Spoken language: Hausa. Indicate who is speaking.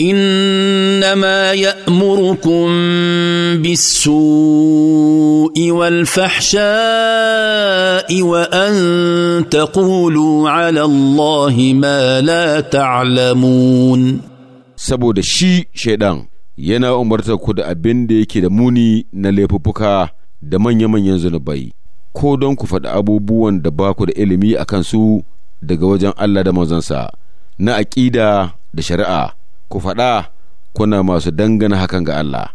Speaker 1: انما يامركم بالسوء والفحشاء وان تقولوا على الله ما لا تعلمون
Speaker 2: saboda shi shaidan yana umartar ku da abin da yake da muni na laifuffuka da manya-manyan zunubai ko don ku faɗi abubuwan da ba ku da ilimi a kansu daga wajen Allah da manzansa na aƙida da shari'a ku faɗa kuna masu dangana hakan ga Allah.